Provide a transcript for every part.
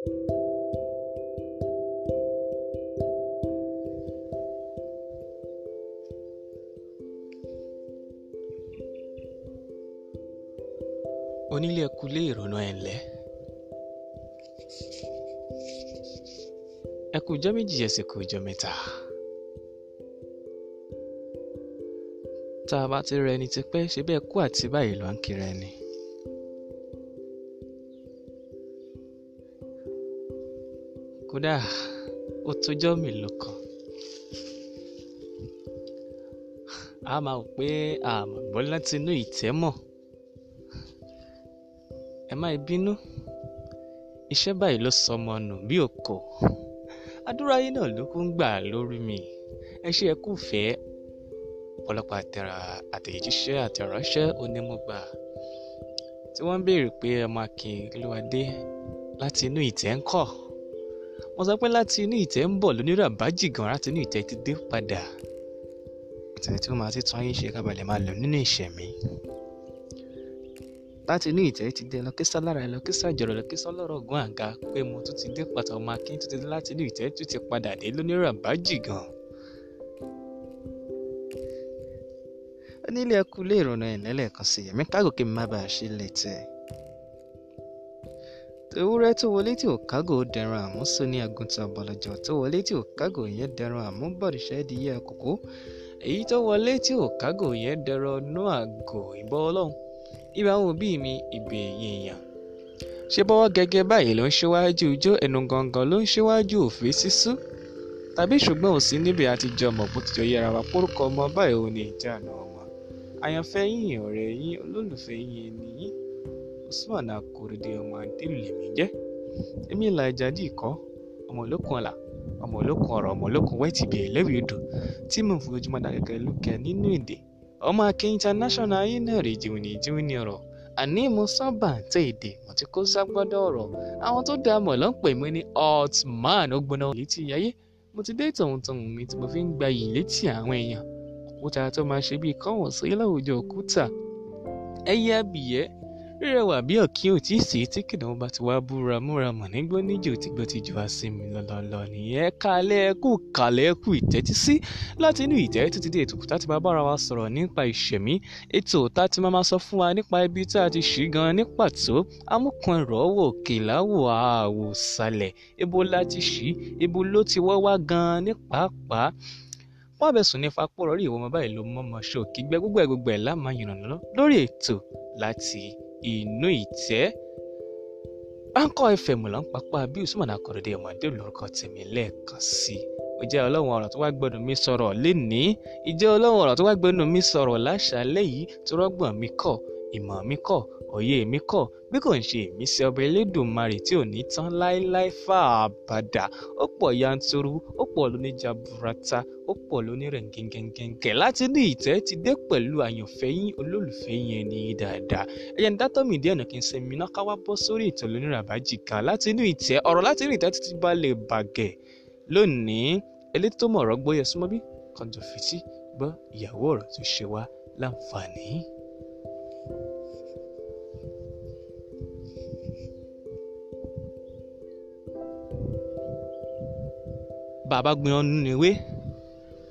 onílé ẹkú lé ìrònú ẹ̀ ńlẹ́ ẹkú ọjọ́ méjì ẹsẹ̀ kú ọjọ́ mẹ́ta tá a bá ti rẹ ẹni ti pẹ́ ṣe bẹ́ẹ̀ kú àti báyìí ló ń kiri ẹni. kódà ó tójọ́ mélòó kan a máa wò pé àmọ́ bọ́ láti inú ìtẹ́ mọ̀ ẹ má bínú iṣẹ́ báyìí ló sọ ọmọ nù bí òkò àdúrà yín náà ló kún gbà lórí mi ẹ ṣe ẹ kú fẹ́ ọ̀pọ̀lọpọ̀ àtẹ̀jíṣẹ́ àtẹ̀ránṣẹ́ onímọ̀gbà tí wọ́n ń béèrè pé ọmọ akin ló láti inú ìtẹ́ ń kọ̀ wọ́n sọ pé láti inú ìtẹ́ ń bọ̀ lónírà bá jìgàn láti inú ìtẹ́ ti dé padà tẹ̀lé tí ó máa ti tún ayé ṣe kábalẹ̀ máa lò nínú ìṣẹ̀mí láti inú ìtẹ́ ti dé lọ kí sálára lọ kí sàjọrọ̀ lọ kí sọlọ́rọ̀ gún àga pé mo tún ti dé pàtó ọmọ akín tún ti dé láti inú ìtẹ́ tún ti padà dé lónírà bá jìgàn. onílé ẹkú lè rònà ẹ̀ lẹ́lẹ́kan sí ẹ̀mí kágòkè má bàa ṣe lẹ́tẹ̀ẹ́ ewúrẹ́ tó wọlé tí ò kágò dẹran àmúso ní àgùntàn bọ̀lọ̀jọ̀ tó wọlé tí ò kágò yẹn dẹran àmúbọ̀dìṣẹ́ di yẹ kókó èyí tó wọlé tí ò kágò yẹn dẹran nú àgò ìbọ ọlọ́run ibà wọn bí mi ìbẹ̀yìn èèyàn ṣé bọ́wọ́ gẹ́gẹ́ báyìí ló ń ṣíwájú ijó ẹnu gangan ló ń ṣíwájú òfin sísú tàbí ṣùgbọ́n ò sí níbi àtijọ́ mọ̀ bó ti jọ yẹra wa pórúkọ ọmọ báyìí ò ní ìjà ọmọ àyànfẹ́ yìnyín ọ̀rẹ́ yín olólùfẹ́ yìnyín nìyí usman akorede ọmọ àdìlù lèmi jẹ́ èmi là ìjàdí ìkọ́ ọmọ olókun ọ̀la ọmọ olókun ọ̀rọ̀ ọmọ olókun wẹ́ẹ̀tì bíi ẹlẹ́rìí odò tí mo fi ojúmọ́ dá lókè nínú èdè ọmọ akin international ayé náà rè jìwìnì jìwìnì ọ̀rọ̀ àní mo sábà ń tẹ èdè mo ti kó ságbọ́dọ̀ ọ̀rọ̀ àwọn tó dá mọ̀ ló ń pè mí ní Altman ó gbóná létí ayé mo ti dé tọ̀hùntọ̀hùn mi tí mo fi ń gba yìí létí àwọn èèyàn òkúta tó máa ṣe bíi kọ́wọ̀n láwùjọ òkúta ẹyẹ abìyẹ́ rẹwà bí ọ̀kí òtíìsì tí kìnìún bá ti wá búra múra mọ̀ nígbó níjò tìgbọ́ ti jù wá sí mi lọ́lọ́lọ́ nìyẹn kálẹ̀ ẹkú kálẹ̀ ẹkú ìtẹ́tísí láti inú ìtẹ́ títí dé ètò tá ti máa bára wa sọ̀rọ̀ nípa ìṣẹ̀mí ètò tá ti máa sọ fún wa nípa ibi tá a ti ṣì gan ní pàtó amúkan ẹ̀rọ wò kìláwò àwò sàlẹ̀ ibo la ti ṣì ibo ló ti wọ́ wá gan ní pàápàá wọn bẹ sùn ní fapò rọrí ìwọ ọmọ báyìí ló mọ ọmọ ṣòkì gbẹ gbogbo ẹ gbogbo ẹ lámà yìnbọn lórí ètò láti inú ìtẹ́ báńkọ́ fm là ń papá bí usman akọ̀rọ̀dé ọmọdé lórúkọ tèmi lẹ́ẹ̀kan sí i ó jẹ́ ọlọ́run ọ̀rọ̀ tó wá gbẹ́nu mi sọ̀rọ̀ lénìí ìjẹ́ ọlọ́run ọ̀rọ̀ tó wá gbẹ́nu mi sọ̀rọ̀ láṣàlẹ́ yìí tó rọ́gbọ̀n mi kọ̀ ìmọ̀ mi kọ̀ òye èmi kọ́ bí kò ń ṣe ìmísí ọba elédùnmarè tí ò ní tán láéláé fà á bàdà ó pọ̀ yanturu ó pọ̀ lóníjà burata ó pọ̀ lónírẹ̀ gẹ́gẹ́gẹ́gẹ́ láti ní ìtẹ́ ti dé pẹ̀lú àyànfẹ́ yín olólùfẹ́ yín ẹni dáadáa ẹ̀yẹ́ ń dátọ́ mi díẹ̀ nà kí n ṣe mi náà ká wá bọ́ sórí ìtàn lóníràbájìká láti ní ìtẹ́ ọ̀rọ̀ láti ní ìtẹ́ títí bá lè bàgẹ́ lónìí elétí tó mọ̀ ọ̀rọ̀ gbóyè súnmọ́ bí kọ́ńtò fìtí ìyàwó ọ̀rọ̀ tó ṣe wá láǹfààní. bàbá gbin ọ́nú ni wé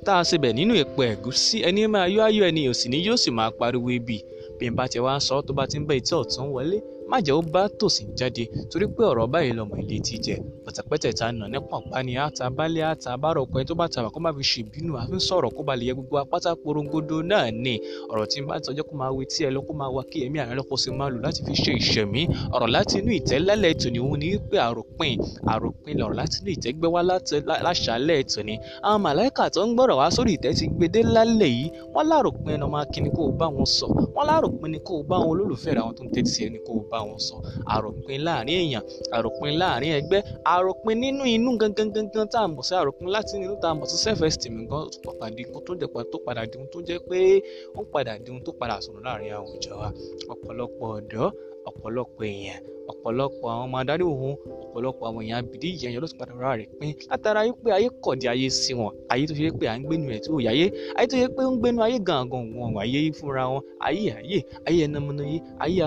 tá a ṣebẹ̀ nínú ìpò ẹ̀gúsí ẹni máa yọ ayọ̀ ẹni òsì ni yóò sì máa pariwo ibi bí n bá ti wá sọ ọ́ tó bá ti ń bẹ etí ọ̀tún wọlé má jẹ́ ó bá tòsí jáde torí pé ọ̀rọ̀ báyìí lọmọ ilé ti jẹ pẹ̀tẹ̀pẹ̀tẹ̀ ta nà ní pọ̀npá ni àtà bálẹ̀ àtà bárò pẹ́ tó bá ta wà kó má fi ṣèbínú àfi ń sọ̀rọ̀ kó ba lè yẹ gbogbo apáta porongodo náà ni ọ̀rọ̀ tí n bá tọjọ́ kó máa wí tí ẹ lọ kó máa wá kí ẹ̀mí àrẹ lọ́kọ́ sí máa lò láti fi ṣe ìṣẹ̀mí ọ̀rọ̀ láti inú ìtẹ́lẹ́lẹ̀ ètò ni òun ní pé àròpin àròpin lọ̀rọ̀ láti inú ìtẹ́gbẹ́ wá láṣàlẹ̀ ètò ni àwọn màláìkà tó ń gbọ́rọ̀ wá sórí ìtẹ́ ti gbedé lálẹ́ yìí wọ́n láròpin ẹnu máa kí ni kó o bá wọn sọ wọ́n láròpin ni kó o bá wọn olólùfẹ́ rẹ̀ àwọn tó ń tẹ́tí sí ẹni kó o bá bá wọn sọ àròpin láàrin èèyàn àròpin láàrin ẹgbẹ́ àròpin nínú inú gangan gangan tá a mọ̀ sí àròpin láti inú tá a mọ̀ sí self esteem gan tó padà di ohun tó jẹ́ pé tó padà di ohun tó jẹ́ pé ó padà di ohun tó padà sọ̀rọ̀ láàrin àwùjọ wa ọ̀pọ̀lọpọ̀ ọ̀dọ́ ọ̀pọ̀lọpọ̀ èèyàn ọ̀pọ̀lọpọ̀ àwọn ọmọ adarí òun ọ̀pọ̀lọpọ̀ àwọn èèyàn abìdí ìyẹn yẹn ló sì padà rà rẹ̀ pín látara wípé ayé kọ̀dí ayé sí wọn ayé tó ṣe pé à ń gbénu ẹ̀ tí ò yáyé ayé tó ṣe pé ń gbénu ayé gangan wọn wà ayé fúnra wọn ayé ayé ayé anamọ́nayé ayé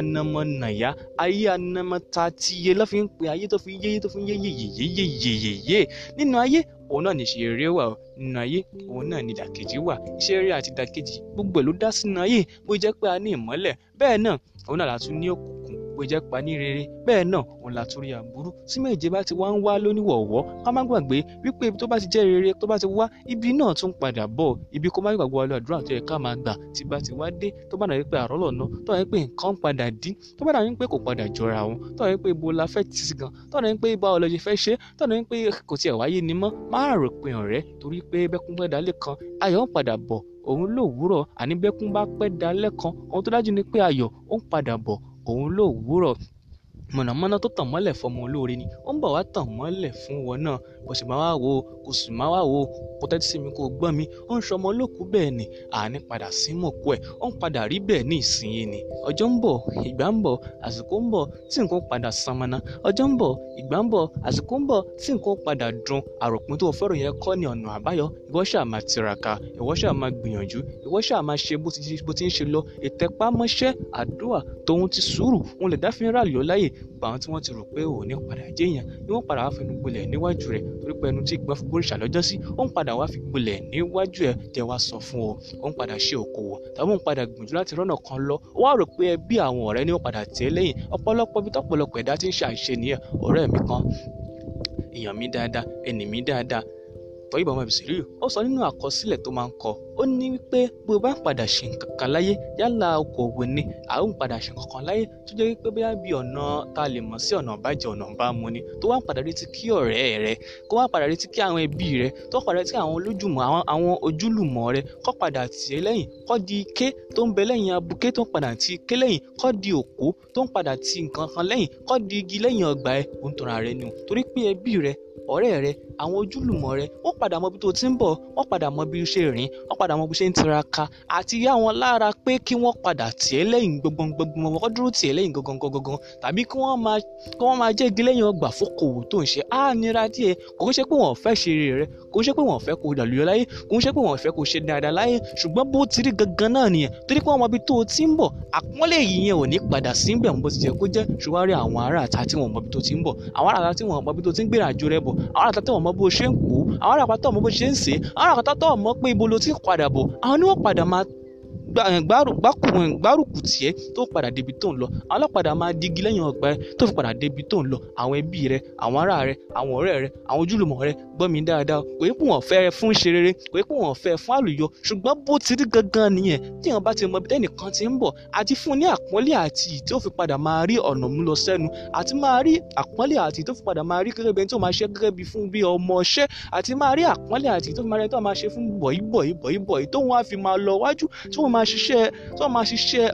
anamọ́nayá ayé anamọ́tatiye ló fi ń pe ayé tó fi yéyé tó fi yéyé yéyé yéyé yéyé nínú ayé òun náà ní ìṣeré wà ó nínú ayé òun náà ní ìdàkejì wà ìṣeré àti ìdàkejì gbogbo ẹ̀ ló dá sínú ayé bó jẹ́ pé a ní ìmọ́lẹ̀ bẹ́ẹ̀ náà òun náà látún ní òkùnkùn bó jẹ́ pa ní rere bẹ́ẹ̀ náà òun látún rí àbúrú tí méje bá ti wá ń wá lóníwọ̀wọ́ ká má gbàgbé wípé ibi tó bá ti jẹ́ rere tó bá ti wá ibi náà tún padà bọ̀ ibi kó má gbàgbé wa lọ àdúrà tó yẹ ká máa gbà tí bá ti wá dé tó bá dàbí pé àrọ́lọ̀ náà tó dàbí pé nǹkan padà dín tó bá dàbí pé kò padà jọra wọn tó dàbí pé ibo la fẹ́ ti sí gan tó dàbí pé ibà ọlọ́jẹ fẹ́ ṣe tó dàbí pé kò tiẹ̀ wáyé ni mọ́ má rò pé ọ̀rẹ́ torí pé bẹ́kúngbẹ́dálé kan ayọ̀ ń padà bọ̀ òun lòwúrọ̀ àní bẹ́kún bá pẹ dalẹ́ kan ohun tó dájú ni pé ayọ̀ ó ń padà bọ̀ òun lòwúrọ̀ mọ̀nàmọ́ná tó tàn mọlẹ fọmọ olóore ni ó ń bọ̀ wá tàn mọlẹ fún wọn náà kò sì máa wá wo kò sì máa wá wo kò tẹ́tí sí mi kò gbọ́n mi ó ń sọmọ olókùú bẹ́ẹ̀ ni àní padà sí mọ̀kú ẹ̀ ó ń padà rí bẹ́ẹ̀ ní ìsinyìí ni ọjọ́ ń bọ̀ ìgbà ń bọ̀ àsìkò ń bọ̀ tí nǹkan padà sanmọ́nà ọjọ́ ń bọ̀ ìgbà ń bọ̀ àsìkò ń bọ̀ tí nǹkan padà dùn àròpin tó fẹ́ràn yẹn kọ́ ni ọ̀nà àbáyọ ìwọ ṣáà máa tiraka ìwọ ṣáà máa gbìyànjú ìwọ ṣáà máa ṣe bó ti ń ṣe lọ ìtẹpámọ́ṣẹ́ àdúrà tòun ti sùúrù òun lè dáfínrà lọ láyè gbà wọ́n ti rò pé òun ní padà jẹ́yàn ni wọ́n padà wá fẹnu gbolẹ̀ níwájú rẹ̀ torí pé ẹnu tí ìgbọ́n fi bóríṣà lọ́jọ́ sí ó ń padà wá fi gbolẹ̀ níwájú ẹ̀ jẹ́ wá sọ fún ọ ó ń padà ṣe òkòwò tàbí ó ń padà gbìyànjú láti rọ́nà kan lọ ó wá rò pé ẹbí àwọn ọ̀rẹ́ ni ó padà tẹ́ lẹ́yìn ọ̀pọ̀lọpọ̀ ibi tọ́pọ̀lọpọ̀ ẹ̀dá ti ń ṣàìṣe nìyẹn ọ̀rẹ́ mi kan èèyàn mi dáadáa ẹnì mi dáadáa Toyin Muhammad Sùúrù ó sọ nínú àkọsílẹ̀ tó máa ń kọ ó ní wípé bí o bá ń padà ṣe nǹkan kan láyé yálà okòwò ni a ó ń padà ṣe nǹkan kan láyé tó jẹ́ wípé bóyá bí ọ̀nà ta lè mọ̀ sí ọ̀nà ìbàjẹ́ ọ̀nà ìbámu ni tó wá ń padà retí kí ọ̀rẹ́ rẹ kó wá padà retí kí àwọn ẹbí rẹ tó padà retí àwọn olójúmọ̀ àwọn ojúlùmọ̀ rẹ kó padà tì í lẹ́yìn kó di ike tó ń bẹ lẹ́yìn abuké tó ń padà ti ike lẹ́yìn kó di òkú tó ń padà ti nǹkan kan lẹ́yìn kó di igi lẹ́yìn ọgbà ẹ òǹtọ̀ràn àwọn ojúlùmọ̀ rẹ wọ́n padà mọ ibi tó ti ń bọ̀ wọ́n padà mọ bí o ṣe rìn wọ́n padà mọ bí o ṣe ń tiraka àti yá wọn lára pé kí wọ́n padà tiẹ̀ lẹ́yìn gbọ̀ngbọ̀ngbọ̀n wọ́n dúró tiẹ̀ lẹ́yìn gangan tàbí kí wọ́n máa kí wọ́n máa jẹ́gi lẹ́yìn ọgbà fókòwò tó ń ṣe á nira díẹ̀ kò ń ṣe pé wọ́n fẹ́ ṣe rere rẹ̀ kò ń ṣe pé wọ́n fẹ́ kó dàlúyọ láyé kò ń ṣe pé wọ́n fẹ́ kó ṣe dáadáa láyé ṣùgbọ́n bó ti rí gangan náà nìyẹn torí pé wọ́n mọ ibi tó ti ń bọ̀ àpọ́nlé yìí yẹn ò ní padà síbẹ̀ bó ti jẹ́ kó jẹ́ ṣùgbọ́n àwọn ará tí wọ́n mọ ibi tó ti ń bọ̀ àwọn ará tí wọ́n mọ ibi tó ti ń gbéra àjò rẹ̀ bọ̀ àwọn ará tí wọ́n mọ mọ bó ṣe ń pò àwọn àràpàtọ̀ mọ bó ṣe ń sè é àwọn àràpàtọ̀ mọ pé ibo lo ti padà bọ̀ àwọn ni padà máa Eh, eh, gbárùkù tiẹ̀ tó padà débi tó ń lọ àwọn ọlọ́padà máa digi lẹ́yìn ọgbà ẹ tó fi padà débi tó ń lọ àwọn ẹbí rẹ àwọn ará rẹ àwọn ọ̀rẹ́ rẹ àwọn ojúlùmọ̀ rẹ gbọ́ mi dáadáa kò yẹ kó wọ́n fẹ́ ẹ fún ṣe rere kò yẹ kó wọ́n fẹ́ ẹ fún àlùyọ ṣùgbọ́n bó ti rí gangan nìyẹn tí wọ́n bá ti mọ ibi tẹ́nìkan ti ń bọ̀ àti fún ní àpọ́nlé àti ì tí ó fi padà máa rí ọ̀nà mú lọ sẹ́nu àti máa rí àpọ́nlé àti tó fi padà máa rí gẹ́gẹ́ bí ẹni tó máa ṣe gẹ́gẹ́ bí fún bí ọmọ ṣẹ́ àti máa rí àpọ́nlé àti tó fi máa rí ẹni tó máa ṣe fún bọ̀yìbọ̀yìbọ̀yìbọ̀yì tó wọn á fi máa lọ wájú tó wọn máa ṣiṣẹ́ tó máa ṣiṣẹ́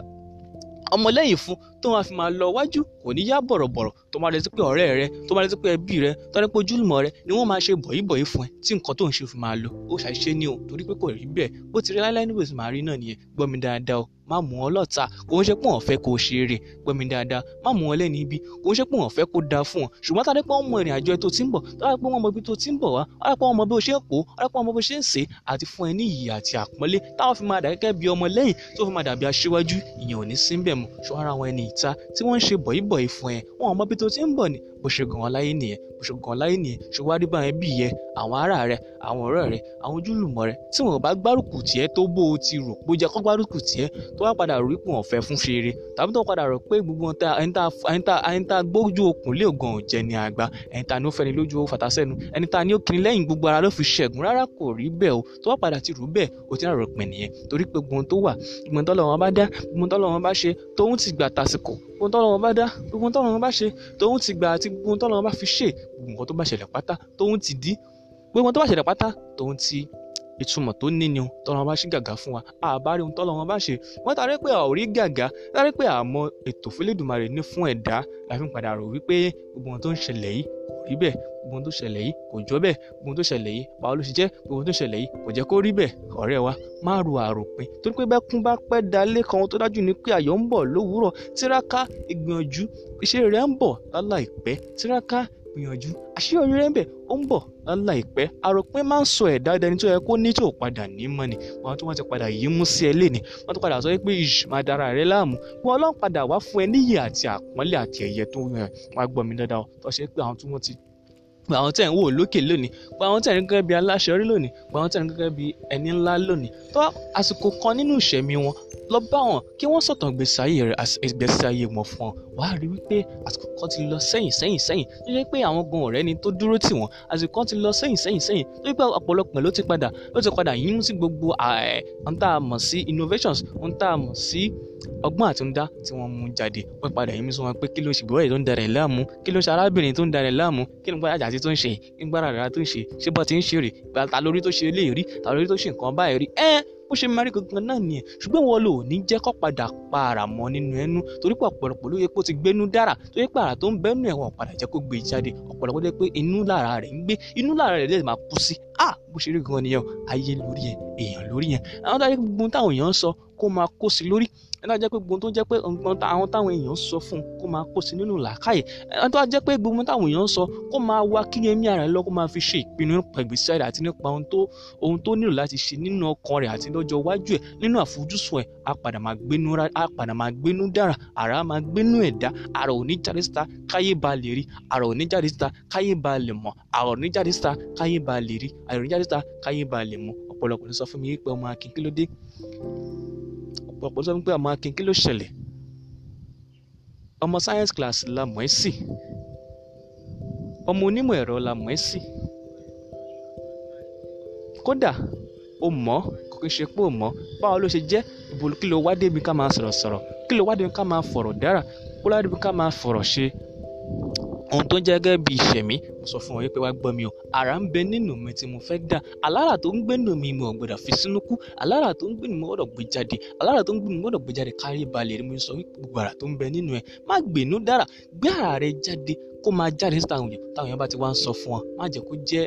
ọmọlẹ́yìn fún tó máa fi máa lọ wájú kò ní yá bọ̀rọ̀bọ̀rọ̀ tó máa retí pé ọ̀rẹ́ rẹ tó máa retí pé ẹbí rẹ tó ní pé ojúlùmọ̀ rẹ ni wọ́n máa ṣe bọ̀yìbọ̀yì fún ẹ tí nǹkan tó ń ṣe fi máa lọ ó ṣàṣìṣe ni o torí pé kò rí bẹ́ẹ̀ bó ti rí láíláí níbo tí màá rí náà nìyẹn gbọ́ mi dáadáa o má mú ọ lọ́ta kò ń ṣe pé wọ́n fẹ́ kó o ṣe eré gbọ́ mi dáadáa má mú ọ lẹ́ni ibi kò ń ṣe pé wọ́n fẹ́ kó dáa fún ọ ṣùgbọ́n tàbí pé wọ́n mọ ìrìn àjò ẹ tó ti ń bọ̀ tàbí pé wọ́n mọ ibi tó ti ń bọ̀ wá tàbí pé wọ́n mọ bí o ṣe ń pò tàbí pé wọ́n mọ bí o ṣe ń ṣe àti fún ẹ ní iyì àti àpọ́nlé táwọn fi máa dà gẹ́gẹ́ bí ọmọ lẹ́yìn tó fi máa dàbí aṣíwájú ìyẹn ò ní sí ń bọ̀ ìfún ẹ wọn ò mọ bí tó ti ń bọ̀ ni bó ṣe gan láyé nìyẹn bó ṣe gan láyé nìyẹn ṣùgbọ́n àdìbò yẹn bí yẹ àwọn ará rẹ àwọn ọ̀rẹ́ rẹ àwọn ojúlùmọ̀ rẹ tí wọn bá gbárùkù tiẹ̀ tó bó o ti rò bó jẹ́ kó gbárùkù tiẹ̀ tó wá padà rí pò ọ̀fẹ́ fún ṣeré tàbí tó padà rò pé gbogbo ẹni gbójú okùn lé ògàn òjẹ ni àgbà ẹni ni ó fẹ́ni lójú owó fàtásẹ́nu ẹni ni ó kiri lẹ́yìn gbogbo ara ló fi ṣẹ́gun rárá kò rí bẹ́ẹ̀ o tó wá padà ti rú bẹ́ẹ̀ o ti rárọ̀ pẹ̀ nìyẹn torí pé gbogbo tó wà gbogbo tó lọ́wọ́ bá dá gbogbo tó lọ́wọ́ bá ṣe tóun ti gbà tásìkò gbogbo tọ́lọ́ wọn bá dá gbogbo tọ́lọ́ wọn bá ṣe tóun ti gbà àti gbogbo tọ́lọ́ wọn bá fi ṣe gbogbo nǹkan tó bá ṣẹlẹ̀ pátá tóun ti dí gbogbo tó bá ṣẹlẹ̀ pátá tóun ti ìtumọ̀ tó ní ni tọ́lọ́ wọn bá ṣe gàgà fún wa àbárí ohun tọ́lọ́ wọn bá ṣe wọ́n tarí pé àórí gàgà tarí pé àmọ́ ètò fúlẹ́dùmarè ní fún ẹ̀dá la padà rò wípé gbogbo ohun tó ń ṣẹlẹ̀ yìí rí bẹ́ẹ̀ gbogbo tó ṣẹlẹ̀ yìí kò jọ bẹ́ẹ̀ gbogbo tó ṣẹlẹ̀ yìí báwo ló ṣe jẹ́ gbogbo tó ṣẹlẹ̀ yìí kò jẹ́ kó rí bẹ́ẹ̀ ọ̀rẹ́ wa má ro àròpin torí pé bẹ́kún bá pẹ́ dalé kan tó dájú ni pé àyọ̀ ń bọ̀ lówùúrọ̀ tiraka ìgbìyànjú iṣẹ́ rẹ̀ ń bọ̀ láláìpẹ́ tiraka gbìyànjú àṣeyọrí rẹ ń bẹ ó ń bọ̀ láìpẹ́ àròpin máa ń sọ ẹ̀dá ẹni tó yẹ kó ní tó padà ní mọ́ ni wọn tó wọ́n ti padà yìí mú sí ẹ léni wọ́n tó padà sọ pé ìṣù máa dára rẹ láàmú wọn ọlọ́run padà wá fún ẹ níyì àti àpọ́nlé àti ẹ̀yẹ tó wọn gbọ́ mi dáadáa tó ṣe pé àwọn tí wọ́n ti pa àwọn tẹ̀ ń wò lókè lónìí pa àwọn tẹ̀ ń gẹ́gẹ́ bí aláṣẹ orí lónìí pa àwọn tẹ̀ ń gẹ́gẹ́ bí ẹni ńlá lónìí tó àsìkò kan nínú ìṣẹ̀mí wọn lọ bá wọn kí wọ́n sọ̀tàn gbèsè ayé rẹ̀ gbèsè ayé wọn fún ọ wàá rí wípé àsìkò kan ti lọ sẹ́yìn sẹ́yìn sẹ́yìn tó yẹ pé àwọn gan ọ̀rẹ́ ni tó dúró tì wọ́n àsìkò kan ti lọ sẹ́yìn sẹ́yìn sẹ́yìn tó yẹ pé ọ̀pọ̀lọpọ̀ ló ti padà ló ti padà yínú sí gbogbo ohun tá a mọ̀ sí innovations ohun tá a mọ̀ sí ọgbọ́n àtúndá tí wọ́n mú jáde wọ́n padà yínú sí wọn pé kí ló ṣùgbọ́n èyí tó ń darẹ̀ láàmú kí ló ṣe arábìnrin tó ń darẹ̀ láàmú kí ló ń padà àti tó ń ṣe ìgbàràrà tó ń ṣe ṣé bọ́ ti ń ṣe rè ta lórí tó ṣe eléyìí rí ta lórí tó ṣe nǹkan báyìí rí ẹ́ bó ṣe máa rí gangan náà nìyẹn ṣùgbọ́n wọn lò ní jẹ́ kó padà pa ara mọ́ nínú ẹnu torí pé ọ̀pọ̀lọpọ̀ ló yẹ kó ti gbénú dára tó yẹ pé ara tó ń bẹ́nu ẹ̀wọ̀n padà jẹ́ kó gbé jáde ọ̀pọ̀lọpọ̀ ló yẹ pé inú lára rẹ̀ ń gbé inú lára rẹ̀ lè máa kú sí à bó ṣe rí gangan nìyẹn ayé lórí yẹn èèyàn lórí yẹn àwọn táwọn èèyàn sọ kó máa kó sí lórí ẹni tó jẹ́ pé gbogbo tó jẹ́ pé àwọn táwọn èèyàn sọ fún un kó máa kó sí nínú làákàyè ẹni tó jẹ́ pé gbogbo táwọn èèyàn sọ kó máa wá kíyèmí ara lọ kó máa fi ṣe ìpinnu nípa ìgbésí rẹ̀ àti nípa ohun tó ohun tó nílò láti ṣe nínú ọkàn rẹ̀ àti lọ́jọ́ iwájú ẹ̀ nínú àfojúsùn ẹ̀ á padà máa gbénú á padà máa gbénú dára ara máa gbénú ẹ̀dá ara ò ní jáde síta káyé ba lè rí ara ò jáde síta káyé ba lè mọ̀ ara ò jáde síta káyé ló sọ fún mi pé ọmọ akin kí ló dé ọ̀pọ̀ sọ pé àmọ́ akin kí ló ṣẹlẹ̀ ọmọ science class la mọ̀ ẹ́ sí ọmọ onímọ̀ ẹ̀rọ la mọ̀ ẹ́ sí kódà o mọ̀ kò kí n ṣe pé o mọ̀ báwo ló ṣe jẹ́ ìbòlù kí ló wá débi ká máa sọ̀rọ̀ sọ̀rọ̀ kí ló wá débi ká máa fọ̀rọ̀ dára kó ló débi ká máa fọ̀rọ̀ ṣe ohun tó ń jẹ́ gẹ́gẹ́ bí ìṣẹ̀mí mo sọ fún ọ pé wá gbọ́ mi o àrà ń bẹ nínú mi tí mo fẹ́ dà alára tó ń gbé nù mí mi ò gbọdọ̀ fi sínú kú alára tó ń gbé nù mí gbọdọ̀ gbé jáde alára tó ń gbé nù mí gbọdọ̀ gbé jáde kárí balẹ̀ mo sọ wípé gbogbo àrà tó ń bẹ nínú ẹ má gbénú dára gbé àrà rẹ jáde kó máa jáde sí táwọn èèyàn bá ti wá ń sọ fún ọ má jẹ́ kó jẹ́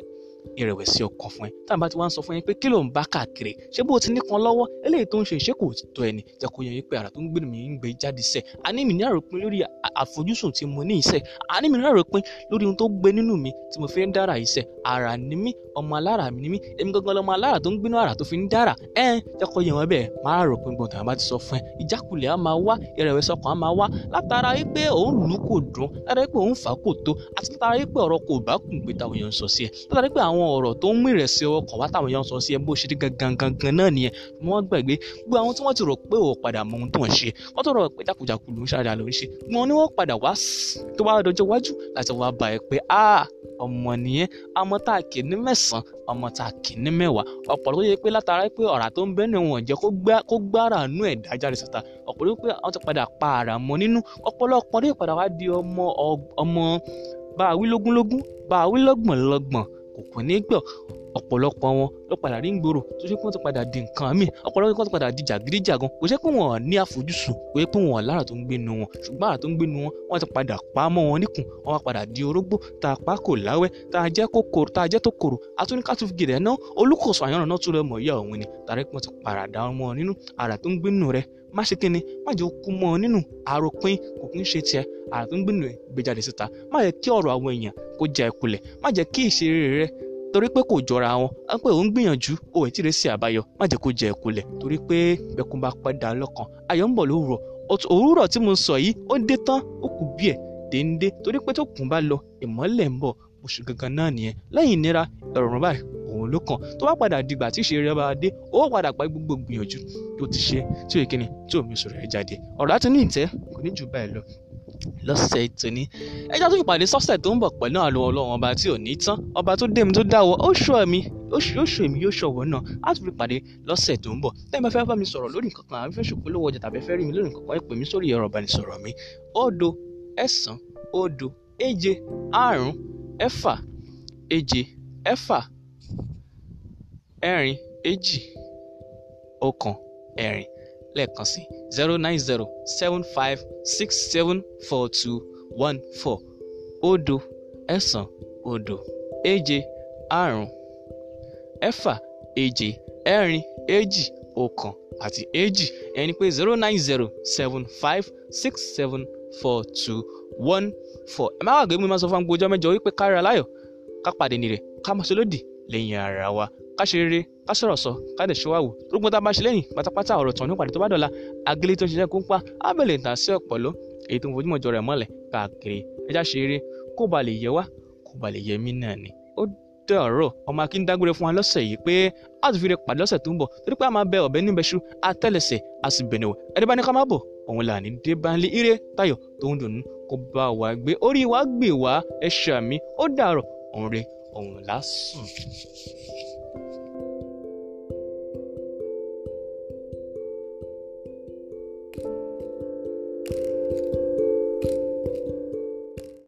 ìrẹ̀wẹ̀sì ọkàn fún ẹ táwọn bá ti wá ń sọ fún ẹ pé kí ló ń bá káàkiri ṣé bó ti nìkan lọ́wọ́ eléyìí tó ń ṣe ìṣe kò tó ẹni jẹ́ kó yẹ wípé àrà tó ń gbé mi ń gbé jáde sẹ̀ àní mi ní àròpin lórí àfojúsùn tí mo ní ìṣe àní mi ní àròpin lórí ohun tó gbé nínú mi tí mo fi ń dára ìṣe àrà ni mí ọmọ alára mi ni mí èmi gangan lọmọ alára tó ń gbénú àrà tó fi ń dára ẹ jẹ́ kó yẹ wọn bẹ́ẹ̀ máa ròpin gbọ̀n tàbí ti sọ fún ẹ ìjákulẹ̀ á máa wá ìrẹ̀wẹ̀sì ọkàn á máa wá látara wípé òun lù kò dùn látara wípé òun fà kò tó àti látara wípé ọ̀rọ̀ kò bá kùn gbé táwọn èèyàn ń sọ sí ẹ látara wípé àwọn àwọn ọ̀rọ̀ tó ń mú ìrẹ̀sì ọwọ́ kàn wá táwọn èèyàn sọ sí ẹ bó ṣe rí gangan gangan náà nìyẹn wọ́n gbàgbé gbogbo àwọn tí wọ́n ti rò pé ò padà mọ ohun tó ń ṣe wọ́n tó rò pé jákujàku ló ń ṣàdá ló ń ṣe wọn ni wọ́n padà wá tó wá dọjọ́ wájú láti wá bá ẹ pé a ọmọ nìyẹn ọmọ tá a kì í ní mẹ́sàn-án ọmọ tá a kì ní mẹ́wàá ọ̀pọ̀lọpọ̀ yẹ pé látara pé ọ̀rà tó ń bẹ́ ní wọn jẹ́ kó gbára nú ẹ̀ dájáde síta ọ̀pọ̀lọpọ̀ pé àwọn ti padà pa àrà mọ́ nínú ọ̀pọ̀lọpọ̀ ní ìpadà wá di ọmọ ọmọ bá a wí lógúnlógún bá a wí lọ́gbọ̀nlọ́gbọ̀n kò ní gbọ̀ ọ̀pọ̀lọpọ̀ wọn ló padà rí ngboro tó ṣe pé wọ́n ti padà di nǹkan míì ọ̀pọ̀lọpọ̀ wọn ti padà di jàgídíjàgan kò ṣe pé wọn ní àfojúsùn kò ṣe pé wọn lára tó ń gbénu wọn ṣùgbọ́n àrà tó ń gbénu wọn wọ́n ti padà pa mọ́ wọn níkùn wọ́n wá padà di orógbó tá a pa kò láwẹ́ tá a jẹ́ kòkòrò tá a jẹ́ tòkòrò atúnikàtú gèdè náà olùkóso àyànnà tún lọ mọ̀ ìyá òun ni tàrí pé wọ́n ti padà dá wọn nínú àrà tó ń gbénu rẹ má ṣe rẹ torí pé kò jọra wọn á pé òun gbìyànjú o ẹ̀ tí ì rẹ̀ sí àbáyọ má jẹ́ kó jẹ ẹ̀kulẹ̀ torí pé bẹ̀kún bá pẹ́ dá lọ́kàn ayọ̀ ń bọ̀ lówùrọ̀ òwúrọ̀ tí mo sọ yìí ó dé tán ó kù bí ẹ̀ déńdé torí pé tó kùn bá lọ ìmọ́lẹ̀ ń bọ̀ oṣù gangan náà nìyẹn lẹ́yìn ìnira ẹ̀rọ̀rùn báyìí òun ló kàn tó bá padà dìgbà tí ìṣeré bá dé ó padà pa gbogbo gbìyànjú tó ti ṣe tí òkìní tí òmísọ̀rọ̀ ẹ̀ jáde ọ̀rọ̀ láti ní ìtẹ́ kò ní jù báyìí lọ lọ́sẹ̀ tòní ẹja tó fi pàdé sọ́sẹ̀ tó ń bọ̀ pẹ̀lú àlọ́ ọlọ́run ọba tí ò ní tán ọba tó dé mi tó dáwọ́ ó ṣọ́ mi yóò ṣọ́ èmi yóò ṣọ̀wọ́ náà á tún fi pàdé lọ́sẹ̀ tó ń bọ̀ tẹ́yìn bá fẹ́ bá mi sọ̀rọ̀ lórí nǹkan kan àbí fẹ́ ṣòpolówó ọjà tàbí fẹ́ rí mi lórí nǹkan kan ẹ pè mí sórí ẹ̀rọ ìbánisọ̀rọ̀ mi òdo ẹ̀sán òdo èje àrún ẹ̀fà èje ẹ̀fà ẹ̀rin èjì ọ̀kan ẹ̀rin lẹ́ẹ̀kan sí zero nine zero seven five six seven four two one four Odo, ẹ̀sán Odo, èje àrún ẹ̀fà èje ẹ̀rin èjì ọ̀kan àti èjì ẹni pé zero nine zero seven five six seven four two one four ẹ má wàá gbẹ́mú ma sọ fún agbójọ́ mẹ́jọ wípé ká ra láyọ̀ ká pàdé nìrẹ̀ ká má ṣe lòdì lẹ́yìn ara wa ká ṣe rere ká sọ̀rọ̀ sọ ká dẹ̀ ṣọwá wò rúgbọ́n tá a bá ṣe lẹ́yìn pátápátá ọ̀rọ̀ tán nípàdé tó bá dọ̀la agilé tó ń ṣiṣẹ́ kó ń pa ábẹ̀lẹ̀ tà sí ọ̀pọ̀lọ́ èyí tó ń fojúmọ̀ jọ rẹ̀ mọ́lẹ̀ káàkiri ẹja ṣe eré kó ba lè yẹ wá kó ba lè yẹ mí náà ni ó dọ̀rọ̀ ọmọ akin dágbére fún wa lọ́sẹ̀ yìí pé a ti fi rẹ pàdé lọ́sẹ̀ tó ń bọ̀ torí pé ire tayọ̀ tó ń dùn kó bá wa gbé orí wa gbé